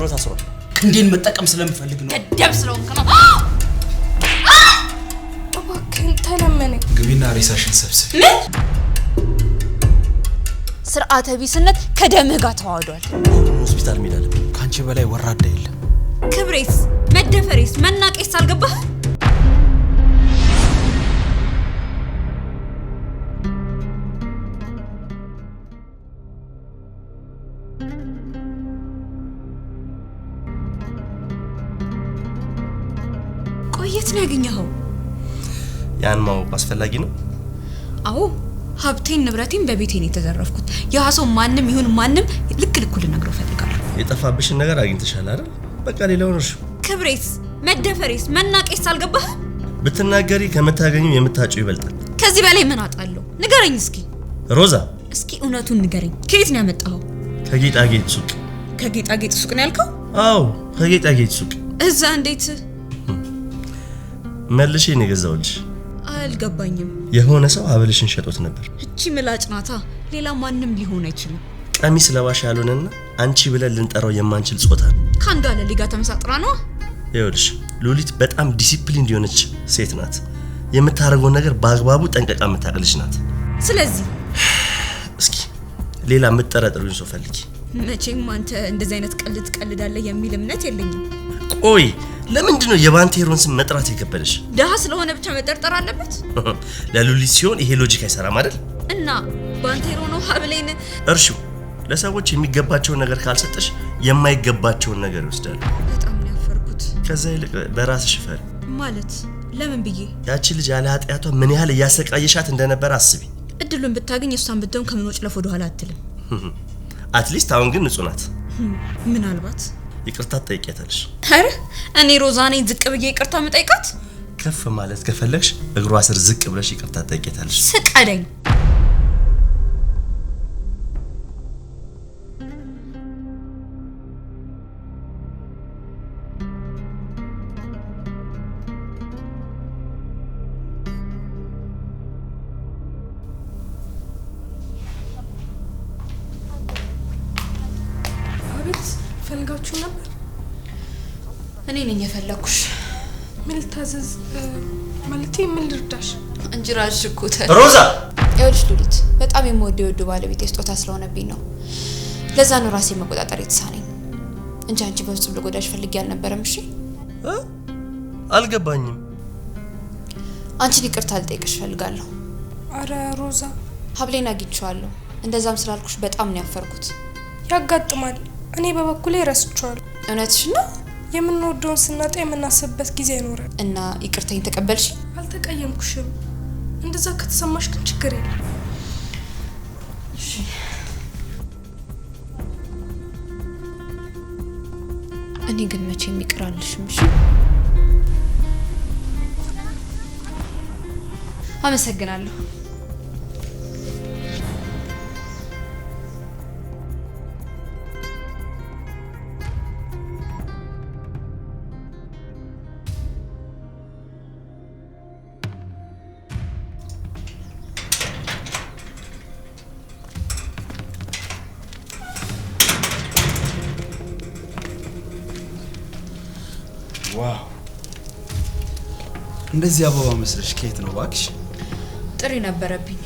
ጆሮ ታስሯል። እንዴን መጠቀም ስለምፈልግ ነው። ገደብ ስለሆንክ ነው። እባክህን ተለመነኝ። ግቢና ሬሳሽን ሰብስብ። ምን ስርዓተ ቢስነት ከደምህ ጋር ተዋህዷል። ሁሉም ሆስፒታል ሚላል ከአንቺ በላይ ወራዳ የለም። ክብሬስ፣ መደፈሬስ፣ መናቄስ አልገባህ እንዴት ነው ያገኘኸው? ያን ማወቅ አስፈላጊ ነው። አዎ ሀብቴን ንብረቴን በቤቴን የተዘረፍኩት። ያ ሰው ማንም ይሁን ማንም ልክ ልኩ ልነግረው ፈልጋለሁ። የጠፋብሽን ነገር አግኝተሻል አይደል? በቃ ሌላው ነው። ክብሬስ፣ መደፈሬስ፣ መናቄስ አልገባህ? ብትናገሪ ከምታገኘው የምታጭው ይበልጣል። ከዚህ በላይ ምን አጣለሁ? ንገረኝ እስኪ ሮዛ፣ እስኪ እውነቱን ንገረኝ። ከየት ነው ያመጣኸው? ከጌጣጌጥ ሱቅ። ከጌጣጌጥ ሱቅ ነው ያልከው? አዎ ከጌጣጌጥ ሱቅ። እዛ እንዴት መልሼ ነው የገዛሁልሽ። አልገባኝም። የሆነ ሰው ሀብልሽን ሸጦት ነበር። እቺ ምላጭ ናታ፣ ሌላ ማንም ሊሆን አይችልም። ቀሚስ ለባሽ ያልሆነና አንቺ ብለን ልንጠራው የማንችል ጾታ ነው። ከአንዱ አለሌ ተመሳጥራ ነው። ይኸውልሽ ሉሊት በጣም ዲሲፕሊን የሆነች ሴት ናት። የምታደርገውን ነገር በአግባቡ ጠንቀቃ የምታቅልሽ ናት። ስለዚህ እስኪ ሌላ የምትጠረጥሩኝ ሰው ፈልጊ። መቼም አንተ እንደዚህ አይነት ቀልድ ትቀልዳለህ የሚል እምነት የለኝም። ቆይ ለምንድን ነው የባንቴሮን ስም መጥራት የከበደሽ? ድሃ ስለሆነ ብቻ መጠርጠር አለበት? ለሉሊት ሲሆን ይሄ ሎጂክ አይሰራም አይደል? እና ባንቴሮ ነው ሀብሌን እርሹ። ለሰዎች የሚገባቸውን ነገር ካልሰጠሽ የማይገባቸውን ነገር ይወስዳሉ። በጣም ነው ያፈርኩት። ከዛ ይልቅ በራስሽ ፈሪ ማለት ለምን ብዬ ያቺ ልጅ ያለ ኃጢአቷ ምን ያህል እያሰቃየሻት እንደነበረ አስቢ። እድሉን ብታገኝ እሷን ብትሆን ከምን ወጭ ለፍ ወደኋላ አትልም። አትሊስት አሁን ግን ንጹህ ናት። ምናልባት ይቅርታ ትጠይቂያታለሽ። ኧረ እኔ ሮዛ ነኝ ዝቅ ብዬ ይቅርታ መጠይቃት? ከፍ ማለት ከፈለግሽ እግሯ ስር ዝቅ ብለሽ ይቅርታ ትጠይቂያታለሽ። ስቀደኝ አደረግኩት። ሮዛ ይኸውልሽ ሉሊት፣ በጣም የምወደው የወዱ ባለቤት የስጦታ ስለሆነብኝ ነው። ለዛ ነው ራሴ መቆጣጠር የተሳነኝ እንጂ አንቺ በፍጹም ልጎዳሽ ፈልጌ አልነበረም። እሺ አልገባኝም። አንቺን ይቅርታ ልጠይቅሽ ፈልጋለሁ። አረ ሮዛ፣ ሀብሌን አግኝቼዋለሁ። እንደዛም ስላልኩሽ በጣም ነው ያፈርኩት። ያጋጥማል። እኔ በበኩሌ ረስቼዋለሁ። እውነትሽ ነው። የምንወደውን ስናጣ የምናስብበት ጊዜ አይኖረን እና ይቅርታኝ ተቀበልሽ? አልተቀየምኩሽም። እንደዛ ከተሰማሽ ግን ችግር የለም። እሺ እኔ ግን መቼ የሚቀራልሽም። እሺ አመሰግናለሁ። ዋው! እንደዚህ አበባ መስለሽ ከየት ነው እባክሽ? ጥሪ ነበረብኝ።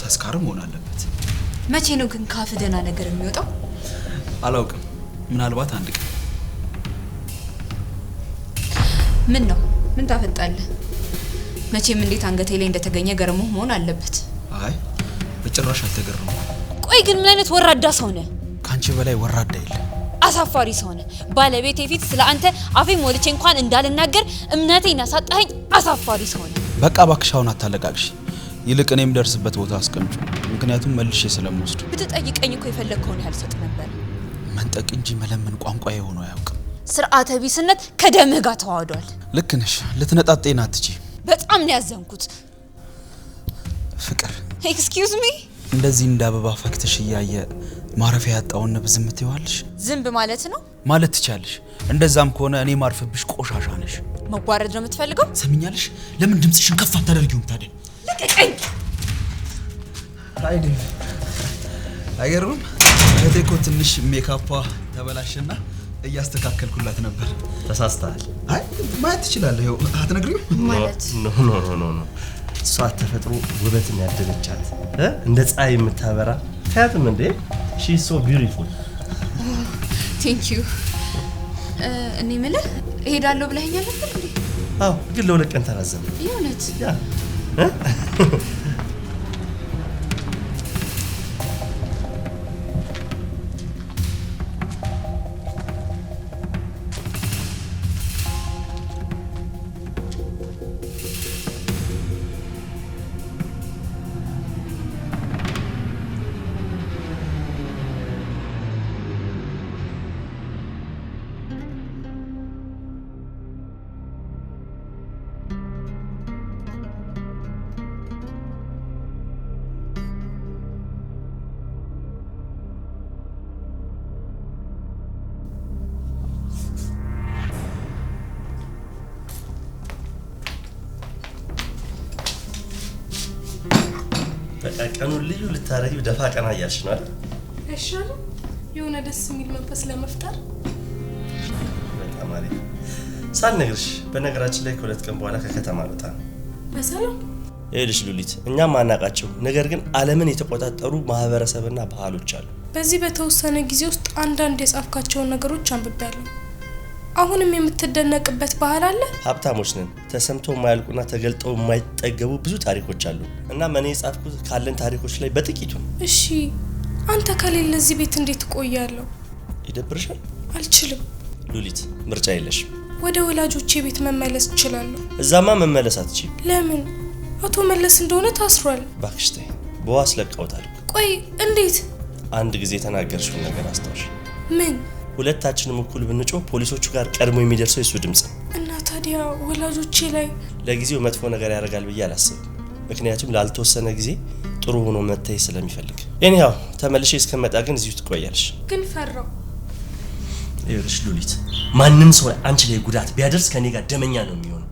ተስካር መሆን አለበት። መቼ ነው ግን ካፍ ደህና ነገር የሚወጣው? አላውቅም። ምናልባት አንድ ቀን። ምን ነው ምን ታፈጣለህ? መቼም እንዴት አንገቴ ላይ እንደተገኘ ገርሞ መሆን አለበት። አይ በጭራሽ አልተገረመ። ቆይ ግን ምን አይነት ወራዳ ሰው ነህ? ከአንቺ በላይ ወራዳ የለ አሳፋሪ ሰው ነህ። ባለቤቴ ፊት ስለ አንተ አፌ ሞልቼ እንኳን እንዳልናገር እምነቴን ያሳጣኸኝ አሳፋሪ ሰው ነህ። በቃ እባክሽ አሁን አታለቃቅሽ። ይልቅ እኔ የምደርስበት ቦታ አስቀምጩ ምክንያቱም መልሼ ስለምወስዱ። ብትጠይቀኝ እኮ የፈለግከውን ያህል ሰጥ ነበር። መንጠቅ እንጂ መለመን ቋንቋ የሆነው አያውቅም። ስርዓተ ቢስነት ከደምህ ጋር ተዋህዷል። ልክ ነሽ። ልትነጣጤና በጣም ነው ያዘንኩት ፍቅር። ኤክስኪውዝ ሚ እንደዚህ እንደ አበባ ፈክተሽ እያየ ማረፊያ ያጣውን ንብ ዝም ትይዋለሽ? ዝንብ ማለት ነው ማለት ትቻለሽ። እንደዛም ከሆነ እኔ ማርፍብሽ ቆሻሻ ነሽ። መዋረድ ነው የምትፈልገው? ሰምኛለሽ። ለምን ድምፅሽን ከፍ አታደርጊውም ታዲያ? ልቀቀኝ። አይዲ አይገርምም? እህቴ እኮ ትንሽ ሜካፓ ተበላሽና እያስተካከልኩላት ነበር። ተሳስተሃል። አይ ማየት ትችላለህ። ይኸው አትነግሪው ማለት ኖ ኖ ኖ ኖ እሷ ተፈጥሮ ውበትን ያደለቻት እንደ ፀሐይ የምታበራ ታያትም እንዴ ሺ ሶ ቢዩቲፉል ቴንክ ዩ እኔ ምልህ እሄዳለሁ ብለኸኛል ነበር እንዴ አዎ ግን ለሁለት ቀን ተራዘመ የእውነት በቃ ቀኑን ልዩ ልታረጊ ደፋ ቀና እያልሽ ነው አይደል? የሆነ ደስ የሚል መንፈስ ለመፍጠር በጣም አሪፍ። ሳልነግርሽ በነገራችን ላይ ከሁለት ቀን በኋላ ከከተማ ልወጣ ነው። በሰላም ይኸውልሽ ሉሊት፣ እኛም አናቃቸው ነገር ግን ዓለምን የተቆጣጠሩ ማህበረሰብና ባህሎች አሉ። በዚህ በተወሰነ ጊዜ ውስጥ አንዳንድ የጻፍካቸውን ነገሮች አንብቤያለሁ። አሁንም የምትደነቅበት ባህል አለ። ሀብታሞች ነን። ተሰምተው የማያልቁና ተገልጠው የማይጠገቡ ብዙ ታሪኮች አሉ። እናም እኔ የጻፍኩት ካለን ታሪኮች ላይ በጥቂቱ ነው። እሺ፣ አንተ ከሌለ እዚህ ቤት እንዴት እቆያለሁ? ይደብርሻል። አልችልም። ሉሊት፣ ምርጫ የለሽ። ወደ ወላጆቼ ቤት መመለስ እችላለሁ። እዛማ መመለስ አትችይም። ለምን? አቶ መለስ እንደሆነ ታስሯል። እባክሽ ተይ፣ በዋስ ለቀውታል። ቆይ እንዴት? አንድ ጊዜ የተናገርሽውን ነገር አስታውሽ። ምን? ሁለታችንም እኩል ብንጮህ ፖሊሶቹ ጋር ቀድሞ የሚደርሰው የሱ ድምፅ እና ታዲያ ወላጆቼ ላይ ለጊዜው መጥፎ ነገር ያደርጋል ብዬ አላስብም። ምክንያቱም ላልተወሰነ ጊዜ ጥሩ ሆኖ መታየት ስለሚፈልግ። ኤኒሃው ተመልሼ እስከመጣ ግን እዚሁ ትቆያለሽ። ግን ፈራው ይኸውልሽ ሉሊት፣ ማንም ሰው አንቺ ላይ ጉዳት ቢያደርስ ከኔ ጋር ደመኛ ነው የሚሆነው።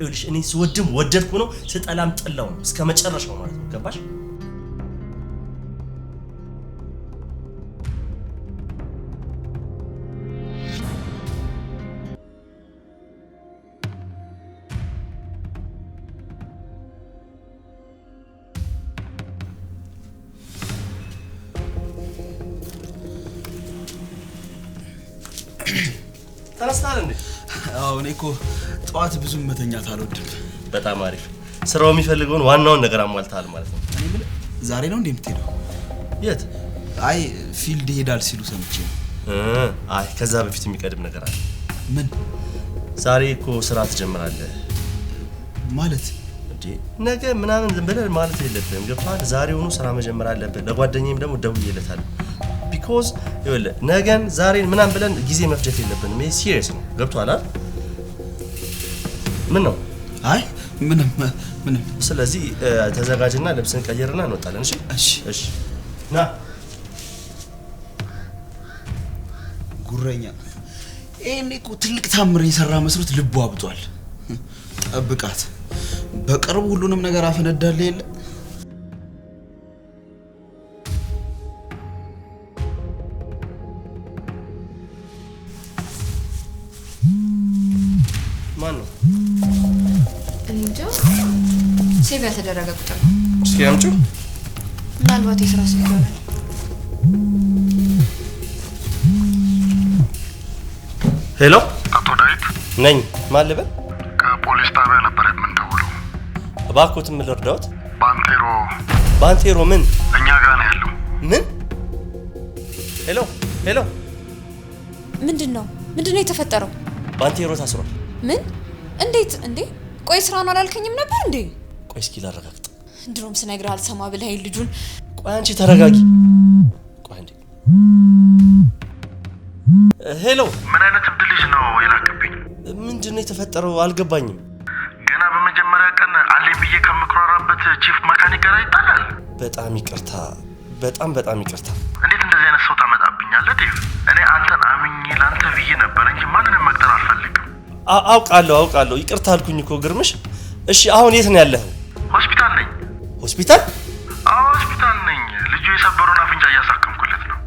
ይኸውልሽ እኔ ስወድም ወደድኩ ነው፣ ስጠላም ጠላው ነው፣ እስከ መጨረሻው ማለት ነው። ገባሽ? ተነስተሃል እንዴ? አዎ፣ እኔ እኮ ጠዋት ብዙም መተኛት አልወድም። በጣም አሪፍ። ስራው የሚፈልገውን ዋናውን ነገር አሟልተሃል ማለት ነው። እኔ የምልህ ዛሬ ነው እንዴ የምትሄደው? የት? አይ ፊልድ ይሄዳል ሲሉ ሰምቼ ነው። አይ ከዛ በፊት የሚቀድም ነገር አለ። ምን? ዛሬ እኮ ስራ ትጀምራለህ ማለት ነገ ምናምን ብለህ ማለት የለብህም። ገብቶሃል? ዛሬውኑ ስራ መጀመር አለብህ። ለጓደኛዬም ደግሞ ደውዬለታለሁ ቢኮዝ ይኸውልህ ነገን ዛሬን ምናም ብለን ጊዜ መፍጀት የለብንም። ይሄ ሲሪየስ ነው። ገብቶሃል አይደል? ምን ነው? አይ ምንም ምንም። ስለዚህ ተዘጋጅና ልብስን ቀይርና እንወጣለን። እሺ እሺ እሺ። ና ጉረኛ። ይሄኔ እኮ ትልቅ ታምር የሰራ መስሎት ልቡ አብጧል። ጠብቃት፣ በቅርቡ ሁሉንም ነገር አፈነዳለ የለ በተደረገ ቁጥር ነው። እስኪ አምጪው። ምናልባት የስራ ስ ይሆናል። ሄሎ፣ አቶ ዳዊት ነኝ። ማን ልበል? ከፖሊስ ጣቢያ ነበር የምንደውለው። እባክዎትን ምን ልርዳዎት? ባንቴሮ ባንቴሮ ምን? እኛ ጋር ነው ያለው። ምን? ሄሎ ሄሎ፣ ምንድን ነው ምንድን ነው የተፈጠረው? ባንቴሮ ታስሯል። ምን? እንዴት? እንዴ ቆይ ስራ ነው አላልከኝም ነበር እንዴ? ቆይ እስኪ ላረጋግጥ። ድሮም ስነግር አልሰማ ብለህ ልጁን። ቆይ አንቺ ተረጋጊ። ቆይ አንዴ። ሄሎ፣ ምን አይነት እብድ ልጅ ነው የላክብኝ? ምንድን ነው የተፈጠረው? አልገባኝም። ገና በመጀመሪያ ቀን አለኝ ብዬ ከምኩራራበት ቺፍ መካኒክ ጋር ይጣላል። በጣም ይቅርታ፣ በጣም በጣም ይቅርታ። እንዴት እንደዚህ አይነት ሰው ታመጣብኛለህ ዴቭ? እኔ አንተን አምኜ ለአንተ ብዬ ነበር እንጂ ማንንም መቅጠር አልፈልግም። አውቃለሁ፣ አውቃለሁ። ይቅርታ አልኩኝ እኮ ግርምሽ። እሺ አሁን የት ነው ያለኸው? ሆስፒታል ነኝ። ሆስፒታል? አዎ ሆስፒታል ነኝ። ልጁ የሰበረውን አፍንጫ እያሳከምኩለት ነው።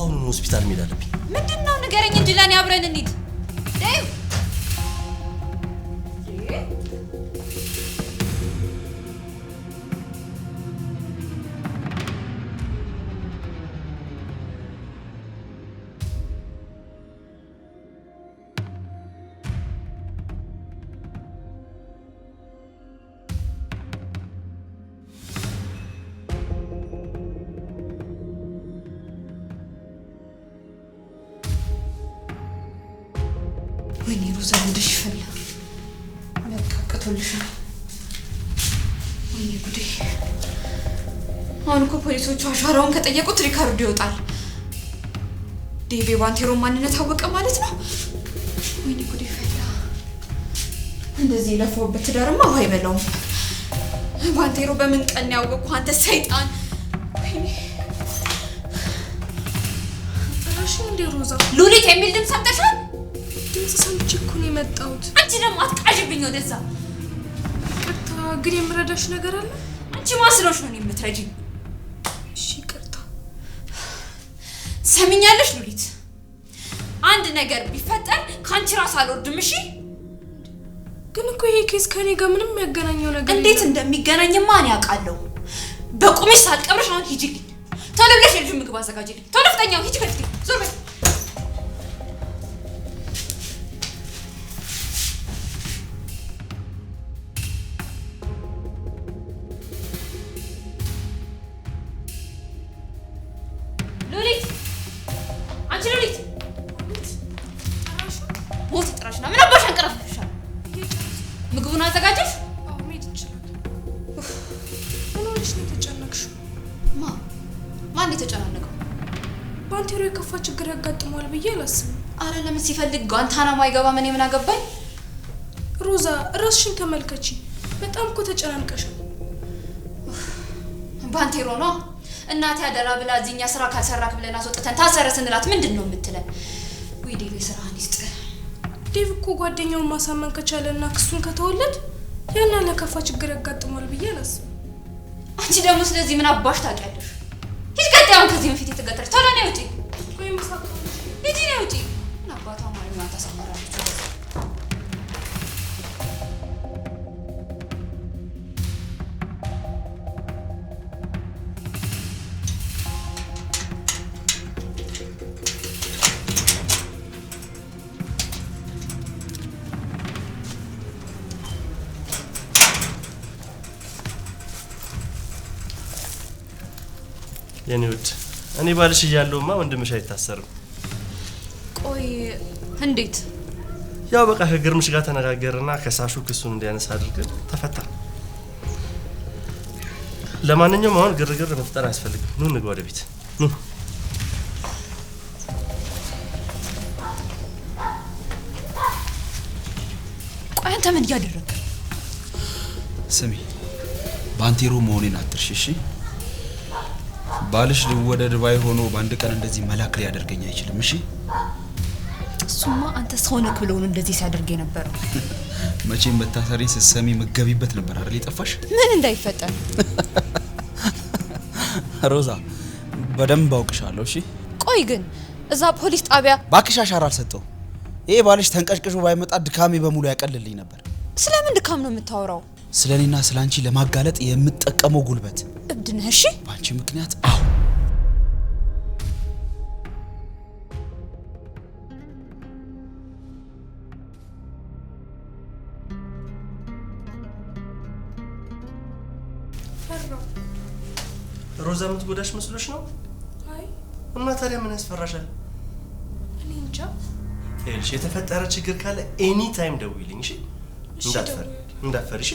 አሁኑን ሆስፒታል መሄድ አለብኝ። ምንድን ነው ንገረኝ እንጂ ለእኔ አብረን እንሂድ ወይኔ ሩዛ ጉድሽ ፈላ። በቃ ወይኔ ጉዴ! አሁን እኮ ፖሊሶቹ አሻራውን ከጠየቁት ሪካርዶ ይወጣል። ዴቤ ባንቴሮን ማንነት አወቀ ማለት ነው። ወይኔ ጉዴ ፈላ። እንደዚህ የለፋውበት ትዳርማ ውሃ አይበላውም። ባንቴሮ በምን ቀን ያወቅኩ አንተ ሰይጣን! ወይኔ ጭራሽ እንደ ሉሊት የሚል ድምፅ ሰምተሻል? ሰምቼ እኮ ነው የመጣሁት። አንቺ ደግሞ አትቃዥብኝ ወደዛ። ይቅርታ ግን የምረዳሽ ነገር አለ። አንቺ ማስሎሽ ነው የምትረጂኝ። እሺ ሉሊት፣ አንድ ነገር ቢፈጠር ከአንቺ ራስ አልወርድም። እሺ ግን እኮ ይሄ ኬስ ከኔ ጋር ምንም የሚያገናኘው ነገር እንዴት እንደሚገናኝማ እኔ አውቃለሁ። በቁምሽ ሳልቀብርሽ አሁን ሂጂልኝ። ቶሎ ብለሽ የልጁን ምግብ አዘጋጅልኝ። ቶሎ ፍጠኛው። ሂጂ ከፊቴ ዞር በይ ስለማይገባ ምን ምን አገባኝ? ሮዛ ራስሽን ተመልከቺ። በጣም እኮ ተጨናንቀሻል። ባንቴሮ ነው እናቴ አደራ ብላ እዚህኛ ስራ ካልሰራክ ብለን አስወጥተን ታሰረ ስንላት ምንድን ነው የምትለን? ወይ ዴቭ ስራህን ይስጥ። ዴቭ እኮ ጓደኛውን ማሳመን ከቻለ እና ክሱን ከተወለድ ያና ለከፋ ችግር ያጋጥሟል ብዬ አላስብም። አንቺ ደግሞ ስለዚህ ምን አባሽ ታውቂያለሽ? ሂድ ቀጣይ። አሁን ከዚህ በፊት የተገጠረች ቶሎ ነይ ውጪ፣ ወይም ሳቅ ልጅ ነይ ውጪ የኔ ውድ እኔ ባልሽ እያለሁማ ወንድምሽ አይታሰርም። ቆይ እንዴት? ያው በቃ ከግርምሽ ጋር ተነጋገርና ከሳሹ ክሱን እንዲያነሳ አድርገን ተፈታ። ለማንኛውም አሁን ግርግር መፍጠር አያስፈልግም። ኑ እንግባ ወደ ቤት ኑ። ቆይ አንተ ምን እያደረግ ስሚ፣ ባንቴሮ መሆኔን አትርሽ እሺ ባልሽ ወደ ድባይ ሆኖ በአንድ ቀን እንደዚህ መላክ ሊያደርገኝ አይችልም። እሺ እሱማ አንተ ሰው ነክ ብለው ነው እንደዚህ ሲያደርግ ነበር። መቼም መታሰሪ ስትሰሚ መገቢበት ነበር አይደል የጠፋሽ? ምን እንዳይፈጠር ሮዛ፣ በደንብ አውቅሻለሁ። እሺ ቆይ ግን እዛ ፖሊስ ጣቢያ ባክሽ አሻራ አልሰጠው። ይሄ ባልሽ ተንቀሽቅሾ ባይመጣ ድካሜ በሙሉ ያቀልልኝ ነበር። ስለምን ድካም ነው የምታወራው? ስለ እኔና ስለ አንቺ ለማጋለጥ የምጠቀመው ጉልበት እብድ ነህ። እሺ በአንቺ ምክንያት አሁ ሮዛ የምትጎዳሽ መስሎሽ ነው? አይ እና ታዲያ ምን ያስፈራሻል? እኔ እንጃ። ይኸውልሽ የተፈጠረ ችግር ካለ ኤኒ ታይም ደውይልኝ። እሺ፣ እንዳትፈሪ እንዳትፈሪ። እሺ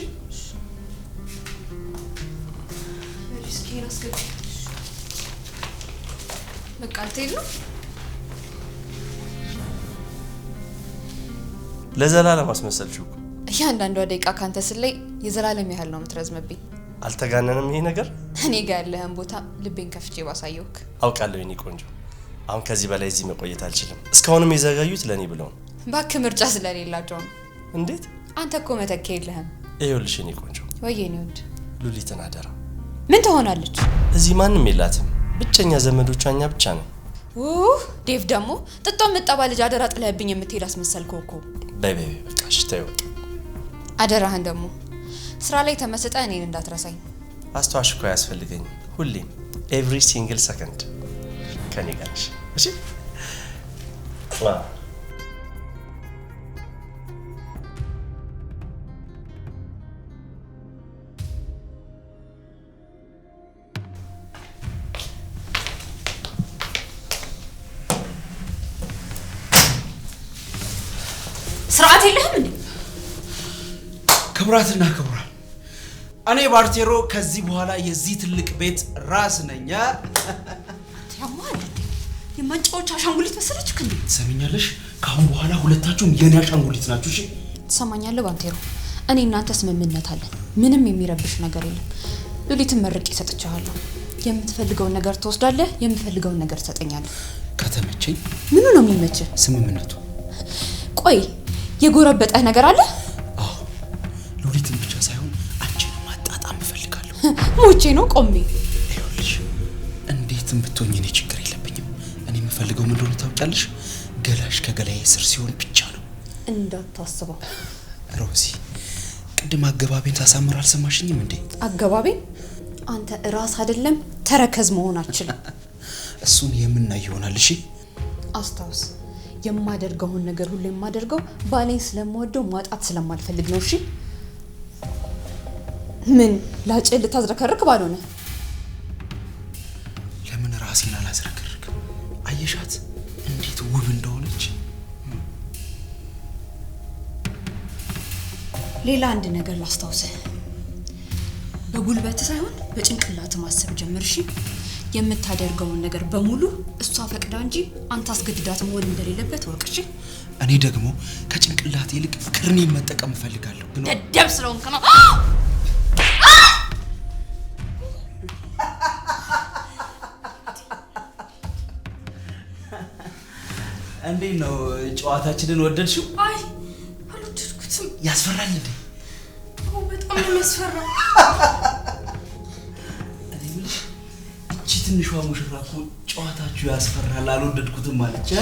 ለዘላለም አስመሰልሽው እኮ እያንዳንዷ ደቂቃ ካንተ ስለይ የዘላለም ያህል ነው የምትረዝምብኝ። አልተጋነንም ይሄ ነገር። እኔ ጋ ያለህን ቦታ ልቤን ከፍቼ ባሳየውክ። አውቃለሁ የኔ ቆንጆ፣ አሁን ከዚህ በላይ እዚህ መቆየት አልችልም። እስካሁንም የዘጋዩት ለእኔ ብለው ነው። ምርጫ ስለሌላቸው ነው። እንዴት አንተ እኮ መተካ የለህም። ይኸውልሽ የኔ ቆንጆ፣ ወይዬ እኔ ውድ ሉሊትን አደራ። ምን ትሆናለች? እዚህ ማንም የላትም። ብቸኛ ዘመዶቿ እኛ ብቻ ነው። ዴቭ ደግሞ ጥጦ ምጠባ ልጅ አደራ ጥለህብኝ የምትሄድ አስመሰልከው እኮ። በቃ ሽታ ይወጣ። አደራህን ደግሞ ስራ ላይ ተመስጠ እኔን እንዳትረሳኝ። አስተዋሽ እኮ አያስፈልገኝ። ሁሌም ኤቭሪ ሲንግል ሰከንድ ከኔ ጋር ነሽ። እሺ ስርዓት የለህም እንዴ? ክቡራትና ክቡራን እኔ ባርቴሮ ከዚህ በኋላ የዚህ ትልቅ ቤት ራስ ነኛ። የመንጫዎች አሻንጉሊት መሰለች። ክ ትሰሚኛለሽ? ከአሁን በኋላ ሁለታችሁም የኔ አሻንጉሊት ናችሁ። እሺ ትሰማኛለህ? ባንቴሮ እኔ እናንተ ስምምነት አለን። ምንም የሚረብሽ ነገር የለም። ሉሊትን መርቄ ሰጥቻለሁ። የምትፈልገውን ነገር ትወስዳለህ፣ የምፈልገውን ነገር ትሰጠኛለህ። ከተመቸኝ። ምኑ ነው የሚመች? ስምምነቱ። ቆይ የጎረበጠህ ነገር አለ? ሞቼ ነው ቆሜ። ይኸውልሽ እንዴትም ብትሆኝ እኔ ችግር የለብኝም። እኔ የምፈልገው ምን እንደሆነ ታውቂያለሽ? ገላሽ ከገላዬ ስር ሲሆን ብቻ ነው። እንዳታስበው ሮዚ። ቅድም አገባቤን ታሳምር አልሰማሽኝም እንዴ? አገባቤን አንተ እራስ አይደለም ተረከዝ መሆን አልችልም። እሱን የምናይ ይሆናል። እሺ አስታውስ፣ የማደርገውን ነገር ሁሉ የማደርገው ባሌን ስለምወደው ማጣት ስለማልፈልግ ነው። እሺ ምን ላጭ ልታዝረከርክ ባልሆነ ለምን ራሴን አላዝረከርክ? አየሻት እንዴት ውብ እንደሆነች። ሌላ አንድ ነገር ላስታውስህ፣ በጉልበት ሳይሆን በጭንቅላት ማሰብ ጀምርሽ የምታደርገውን ነገር በሙሉ እሷ ፈቅዳ እንጂ አንተ አስገድዳት መሆን እንደሌለበት ወቅሽ። እኔ ደግሞ ከጭንቅላት ይልቅ ክርኔን መጠቀም እፈልጋለሁ። ደደብ ስለሆንክ ነው። እንዴ ነው ጨዋታችንን ወደድሽው? አይ አልወደድኩትም። ያስፈራል እንዴ? በጣም ነው የሚያስፈራው። እኔ የምልሽ እቺ ትንሿ ሙሽራ እኮ ጨዋታችሁ ያስፈራል፣ አልወደድኩትም አለች።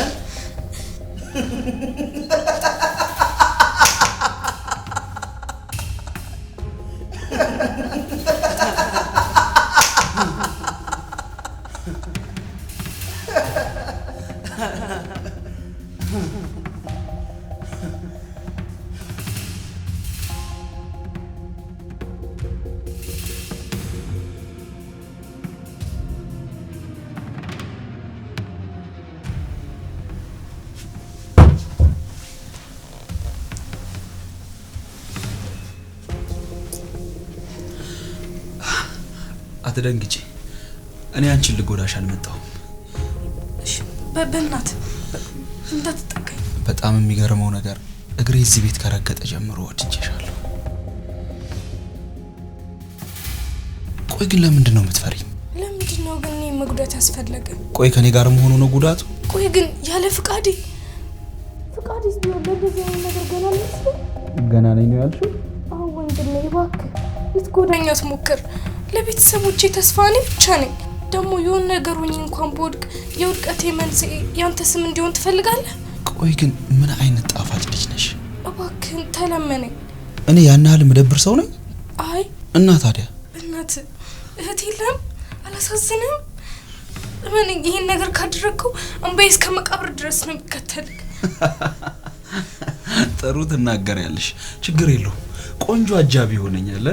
አትደንግጪ። እኔ አንቺን ልጎዳሽ አልመጣሁም። በእናት እንዳትጠቀኝ። በጣም የሚገርመው ነገር እግሬ እዚህ ቤት ከረገጠ ጀምሮ ወድጄሻለሁ። ቆይ ግን ለምንድን ነው የምትፈሪኝ? ለምንድን ነው ግን እኔ መጉዳት ያስፈለገ? ቆይ ከኔ ጋር መሆኑ ነው ጉዳቱ? ቆይ ግን ያለ ፍቃዴ ፍቃዴ ነገር ገና ገና ነኝ ነው ያልሽው? አሁን ወንድሜ እባክህ ልትጎዳኛ ትሞክር ለቤተሰቦቼ ተስፋ እኔ ብቻ ነኝ። ደግሞ የሆነ ነገር ሆኜ እንኳን በወድቅ የውድቀቴ መንስኤ ያንተ ስም እንዲሆን ትፈልጋለህ? ቆይ ግን ምን አይነት ጣፋጭ ልጅ ነሽ? እባክህን ተለመነኝ። እኔ ያን ያህል ምደብር ሰው ነኝ? አይ እና ታዲያ እናት እህት የለም? አላሳዝንም? ምን ይህን ነገር ካደረግከው እንባዬ እስከ መቃብር ድረስ ነው የሚከተል። ጥሩ ትናገሪያለሽ፣ ችግር የለውም። ቆንጆ አጃቢ ይሆነኛል።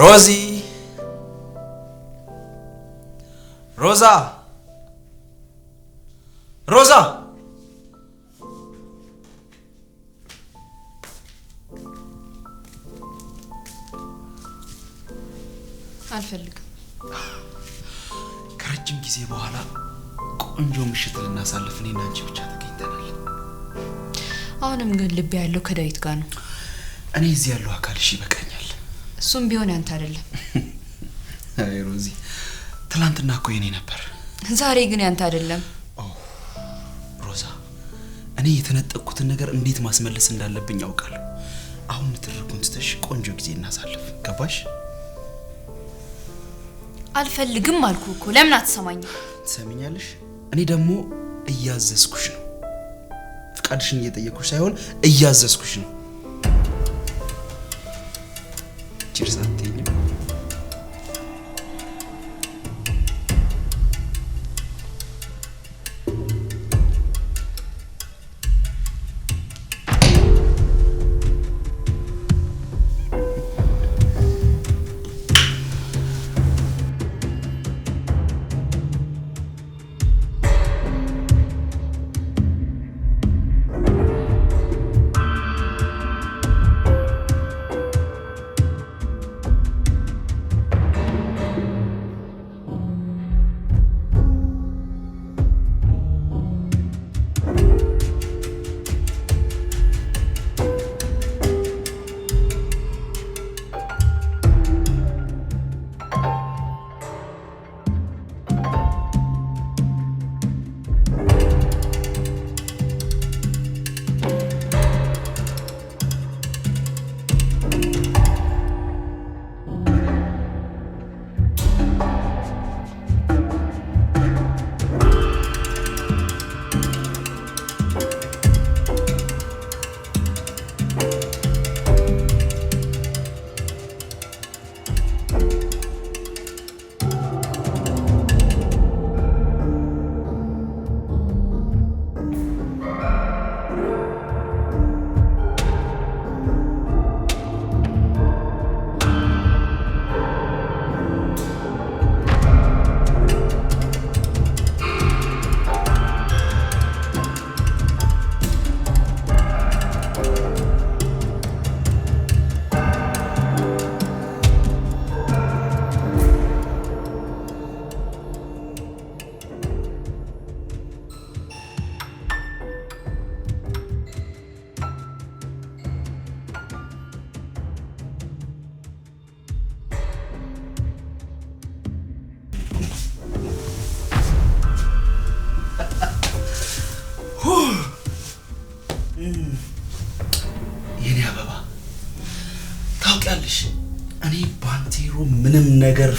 ሮዚ ሮዛ ሮዛ አልፈልግም። ከረጅም ጊዜ በኋላ ቆንጆ ምሽት ልናሳልፍ እኔና አንቺ ብቻ ተገኝተናል። አሁንም ግን ልቤ ያለው ከዳዊት ጋር ነው። እኔ እዚህ ያለው አካል እሺ በቃ እሱም ቢሆን ያንተ አይደለም። አይ ሮዚ፣ ትላንትና እኮ የኔ ነበር፣ ዛሬ ግን ያንተ አይደለም። ሮዛ፣ እኔ የተነጠቅኩትን ነገር እንዴት ማስመለስ እንዳለብኝ ያውቃለሁ። አሁን ትርኩን ትተሽ ቆንጆ ጊዜ እናሳልፍ። ገባሽ? አልፈልግም አልኩ እኮ። ለምን አትሰማኝ? ትሰሚኛለሽ? እኔ ደግሞ እያዘዝኩሽ ነው። ፍቃድሽን እየጠየኩሽ ሳይሆን እያዘዝኩሽ ነው። через нас.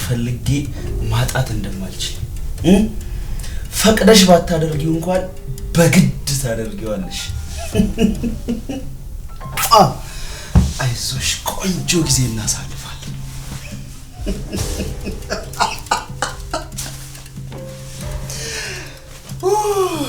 ፈልጌ ማጣት እንደማልችል ፈቅደሽ ባታደርጊው እንኳን በግድ ታደርጊዋለሽ። አይዞሽ፣ ቆንጆ ጊዜ እናሳልፋለን።